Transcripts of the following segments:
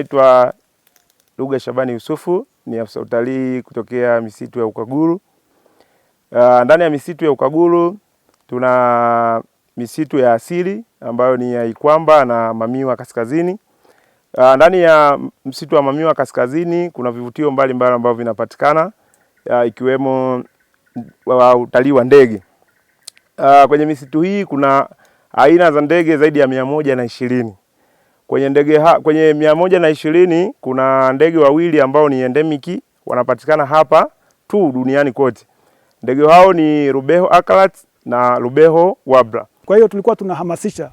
Naitwa Luga Shabani Yusufu, ni afisa utalii kutokea misitu ya Ukaguru. Uh, ndani ya misitu ya Ukaguru tuna misitu ya asili ambayo ni ya Ikwamba na Mamiwa Kaskazini. Uh, ndani ya msitu wa Mamiwa Kaskazini kuna vivutio mbalimbali ambavyo vinapatikana uh, ikiwemo wa utalii wa ndege. Uh, kwenye misitu hii kuna aina za ndege zaidi ya mia moja na ishirini Kwenye ndege ha, kwenye mia moja na ishirini kuna ndege wawili ambao ni endemiki wanapatikana hapa tu duniani kote. Ndege hao ni Rubeho Akalat na Rubeho Wabra. Kwa hiyo tulikuwa tunahamasisha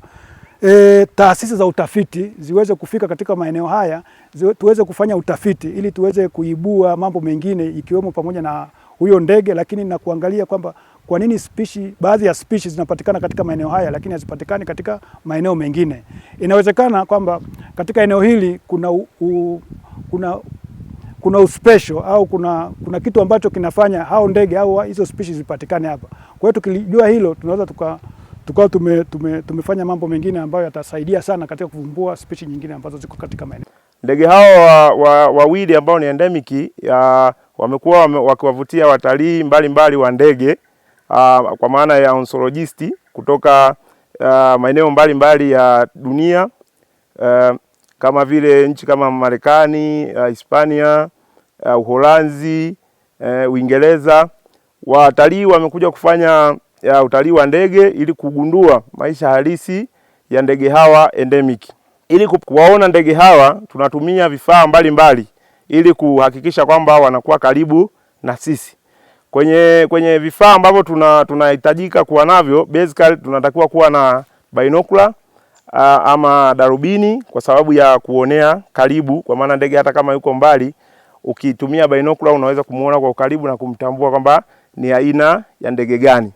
e, taasisi za utafiti ziweze kufika katika maeneo haya ziwe, tuweze kufanya utafiti ili tuweze kuibua mambo mengine ikiwemo pamoja na huyo ndege, lakini na kuangalia kwamba kwa nini spishi, baadhi ya spishi zinapatikana katika maeneo haya lakini hazipatikani katika maeneo mengine. Inawezekana kwamba katika eneo hili kuna, u, u, kuna, kuna uspesho au kuna, kuna kitu ambacho kinafanya hao ndege au hizo spishi zipatikane hapa. Kwa hiyo tukilijua hilo tunaweza tuka tukao tume, tume, tumefanya mambo mengine ambayo yatasaidia sana katika kuvumbua spishi nyingine ambazo ziko katika maeneo. Ndege hao wawili wa, wa ambao ni endemiki wamekuwa wakiwavutia watalii mbalimbali wa ndege uh, kwa maana ya onsolojisti kutoka uh, maeneo mbalimbali ya dunia uh, kama vile nchi kama Marekani uh, Hispania uh, Uholanzi uh, Uingereza. Watalii wamekuja kufanya uh, utalii wa ndege ili kugundua maisha halisi ya ndege hawa endemic. Ili kuwaona ndege hawa tunatumia vifaa mbalimbali ili kuhakikisha kwamba wanakuwa karibu na sisi. Kwenye, kwenye vifaa ambavyo tunahitajika tuna kuwa navyo basically tunatakiwa kuwa na binocular ama darubini kwa sababu ya kuonea karibu, kwa maana ndege hata kama yuko mbali, ukitumia binocular unaweza kumuona kwa ukaribu na kumtambua kwamba ni aina ya ndege gani.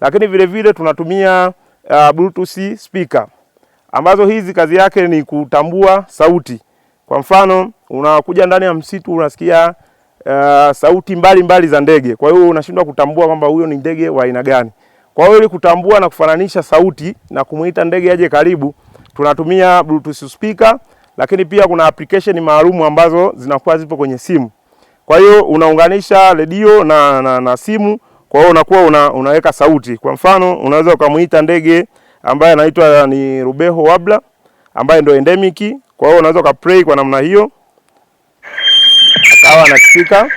Lakini vile vile tunatumia uh, Bluetooth speaker ambazo hizi kazi yake ni kutambua sauti. Kwa mfano unakuja ndani ya msitu unasikia uh, sauti mbalimbali za ndege, kwa hiyo unashindwa kutambua kwamba huyo ni ndege wa aina gani. Kwa hiyo ili kutambua na kufananisha sauti na kumuita ndege aje karibu, tunatumia bluetooth speaker, lakini pia kuna application maalumu ambazo zinakuwa zipo kwenye simu. Kwa hiyo unaunganisha redio na, na, na simu, kwa hiyo unakuwa una, unaweka sauti. Kwa mfano unaweza ukamuita ndege ambaye anaitwa ni Rubeho wabla ambaye ndio endemiki, kwa hiyo unaweza ukaplay kwa namna hiyo sawa na spika.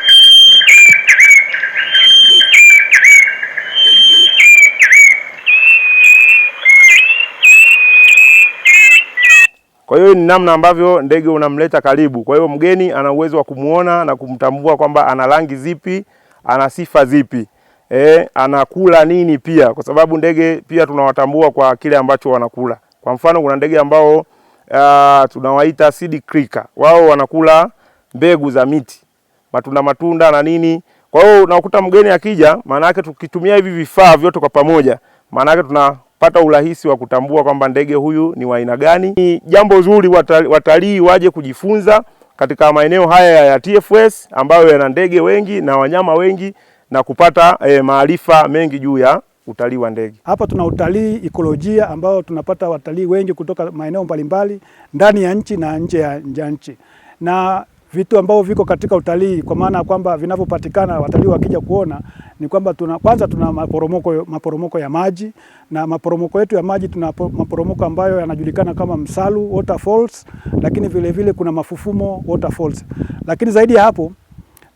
Kwa hiyo ni namna ambavyo ndege unamleta karibu. Kwa hiyo mgeni ana uwezo wa kumwona na kumtambua kwamba ana rangi zipi, ana sifa zipi, e, anakula nini pia, kwa sababu ndege pia tunawatambua kwa kile ambacho wanakula. Kwa mfano kuna ndege ambao uh, tunawaita seed clicker, wao wanakula mbegu za miti matunda matunda na nini. Kwa hiyo unakuta mgeni akija, maana yake tukitumia hivi vifaa vyote kwa pamoja, maana yake tunapata urahisi wa kutambua kwamba ndege huyu ni wa aina gani. Ni jambo zuri watalii waje kujifunza katika maeneo haya ya TFS ambayo yana ndege wengi na wanyama wengi na kupata e, maarifa mengi juu ya utalii wa ndege. Hapa tuna utalii ikolojia ambao tunapata watalii wengi kutoka maeneo mbalimbali ndani ya nchi na nje ya nchi na vitu ambavyo viko katika utalii, kwa maana ya kwamba vinavyopatikana watalii wakija kuona ni kwamba tuna, kwanza tuna maporomoko, maporomoko ya maji na maporomoko yetu ya maji tuna maporomoko ambayo yanajulikana kama Msalu waterfalls, lakini vile vile kuna Mafufumo waterfalls. Lakini zaidi ya hapo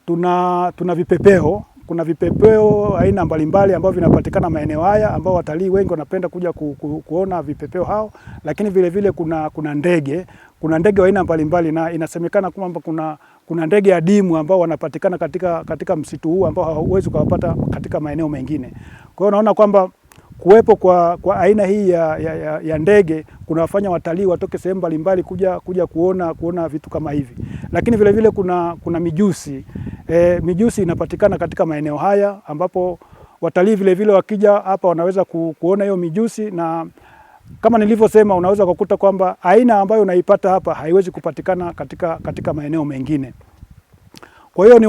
tuna, tuna vipepeo kuna vipepeo aina mbalimbali ambavyo vinapatikana maeneo haya ambao watalii wengi wanapenda kuja ku, ku, kuona vipepeo hao, lakini vilevile vile kuna, kuna ndege kuna ndege wa aina mbalimbali, na inasemekana kwamba kuna, kuna ndege adimu ambao wanapatikana katika, katika msitu huu ambao hauwezi kuwapata katika maeneo mengine. Kwa hiyo naona kwamba kuwepo kwa, kwa aina hii ya, ya, ya, ya ndege kunawafanya watalii watoke sehemu mbalimbali kuja, kuja kuona, kuona vitu kama hivi, lakini vilevile vile kuna, kuna mijusi e, mijusi inapatikana katika maeneo haya ambapo watalii vilevile wakija hapa wanaweza ku, kuona hiyo mijusi na kama nilivyosema, unaweza kukuta kwamba aina ambayo unaipata hapa haiwezi kupatikana katika, katika maeneo mengine. Kwa hiyo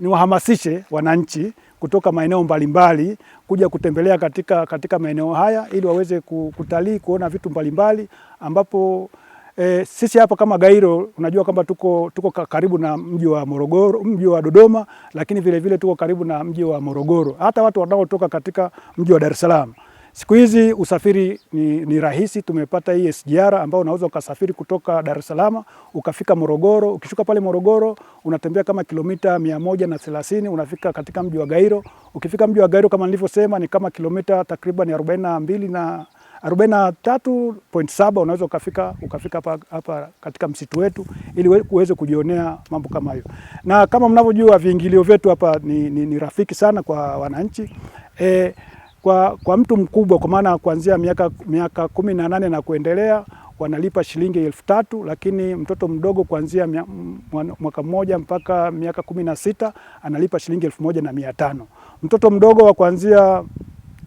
niwahamasishe ni ni ni ni wananchi kutoka maeneo mbalimbali kuja kutembelea katika, katika maeneo haya ili waweze kutalii kuona vitu mbalimbali ambapo E, sisi hapa kama Gairo unajua kwamba tuko, tuko karibu na mji wa Morogoro, mji wa Dodoma, lakini vilevile vile tuko karibu na mji wa Morogoro. Hata watu wanaotoka katika mji wa Dar es Salaam Siku hizi usafiri ni, ni rahisi. Tumepata hii SGR ambayo unaweza ukasafiri kutoka Dar es Salaam ukafika Morogoro. Ukishuka pale Morogoro unatembea kama kilomita mia moja na thelathini unafika katika mji wa Gairo. Ukifika mji wa Gairo kama nilivyosema, ni kama kilomita takriban 42 na 43.7 unaweza ukafika ukafika hapa hapa katika msitu wetu ili uweze kujionea mambo kama hayo. Na kama mnavyojua viingilio vyetu hapa ni, ni, ni rafiki sana kwa wananchi eh, kwa, kwa mtu mkubwa kwa maana kuanzia miaka, miaka kumi na nane na kuendelea wanalipa shilingi elfu tatu lakini mtoto mdogo kuanzia mwaka mmoja mpaka miaka kumi na sita analipa shilingi elfu moja na mia tano. Mtoto mdogo wa kuanzia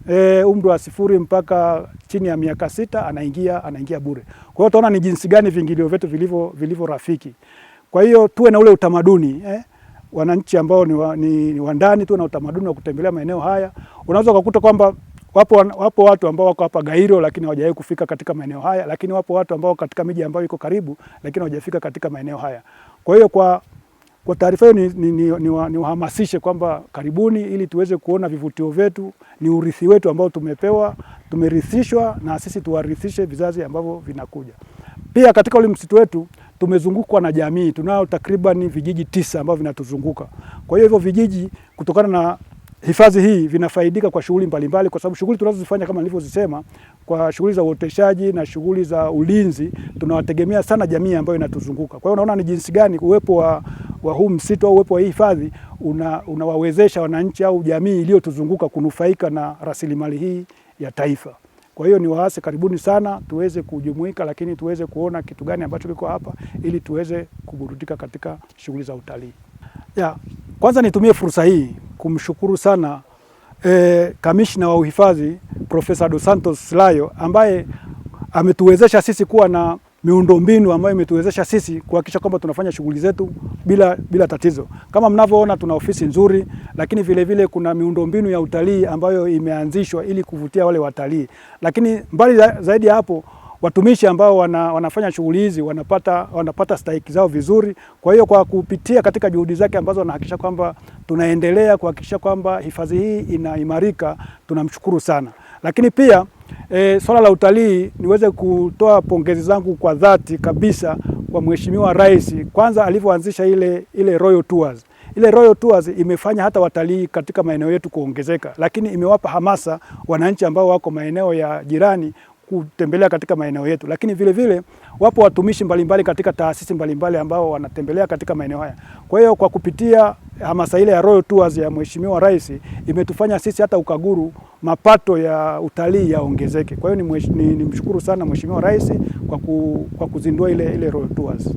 e, umri wa sifuri mpaka chini ya miaka sita anaingia anaingia bure. Kwa hiyo utaona ni jinsi gani viingilio vyetu vilivyo vilivyo rafiki. Kwa hiyo tuwe na ule utamaduni eh? wananchi ambao ni, wa, ni, ni wandani tu na utamaduni wa kutembelea maeneo haya, unaweza ukakuta kwamba wapo, wapo watu ambao wako hapa Gairo lakini hawajawahi kufika katika maeneo haya, lakini wapo watu ambao katika miji ambayo iko karibu lakini hawajafika katika maeneo haya. Kwa hiyo kwa, kwa taarifa hiyo niwahamasishe ni, ni, ni, ni kwamba karibuni, ili tuweze kuona vivutio vyetu. Ni urithi wetu ambao tumepewa, tumerithishwa, na sisi tuwarithishe vizazi ambavyo vinakuja. Pia katika ule msitu wetu tumezungukwa na jamii, tunao takriban vijiji tisa ambavyo vinatuzunguka. Kwa hiyo hivyo vijiji kutokana na hifadhi hii vinafaidika kwa shughuli mbalimbali, kwa sababu shughuli tunazozifanya kama nilivyozisema, kwa shughuli za uoteshaji na shughuli za ulinzi, tunawategemea sana jamii ambayo inatuzunguka. Kwa hiyo unaona ni jinsi gani uwepo wa, wa huu msitu au uwepo wa hii hifadhi unawawezesha una wananchi au jamii iliyotuzunguka kunufaika na rasilimali hii ya taifa. Kwa hiyo ni waase, karibuni sana tuweze kujumuika, lakini tuweze kuona kitu gani ambacho kiko hapa ili tuweze kuburudika katika shughuli za utalii. Ya, kwanza nitumie fursa hii kumshukuru sana e, kamishna wa uhifadhi Profesa Dos Santos Slayo ambaye ametuwezesha sisi kuwa na miundombinu ambayo imetuwezesha sisi kuhakikisha kwamba tunafanya shughuli zetu bila, bila tatizo. Kama mnavyoona tuna ofisi nzuri, lakini vilevile vile kuna miundombinu ya utalii ambayo imeanzishwa ili kuvutia wale watalii, lakini mbali zaidi ya hapo watumishi ambao wana, wanafanya shughuli hizi wanapata, wanapata stahiki zao vizuri. Kwa hiyo kwa kupitia katika juhudi zake ambazo wanahakikisha kwamba tunaendelea kuhakikisha kwamba hifadhi hii inaimarika, tunamshukuru sana, lakini pia E, swala la utalii niweze kutoa pongezi zangu kwa dhati kabisa kwa Mheshimiwa Rais, kwanza alivyoanzisha ile, ile Royal Tours. Ile Royal Tours imefanya hata watalii katika maeneo yetu kuongezeka, lakini imewapa hamasa wananchi ambao wako maeneo ya jirani kutembelea katika maeneo yetu, lakini vile vile wapo watumishi mbalimbali katika taasisi mbalimbali ambao wanatembelea katika maeneo haya. Kwa hiyo kwa kupitia hamasa ile ya Royal Tours ya Mheshimiwa Rais imetufanya sisi hata Ukaguru mapato ya utalii yaongezeke. Kwa hiyo ni, ni, ni sana Mheshimiwa Rais kwa, ku, kwa kuzindua ile, ile Royal Tours.